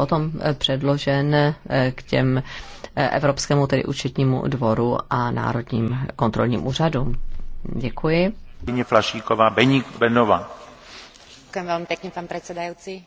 potom eh, předložen eh, k těm eh, Evropskému tedy účetnímu dvoru a národním kontrolním úřadům. Děkuji. Flašíková, Beník, Benova. Děkuji vám pěkně, pan předsedající.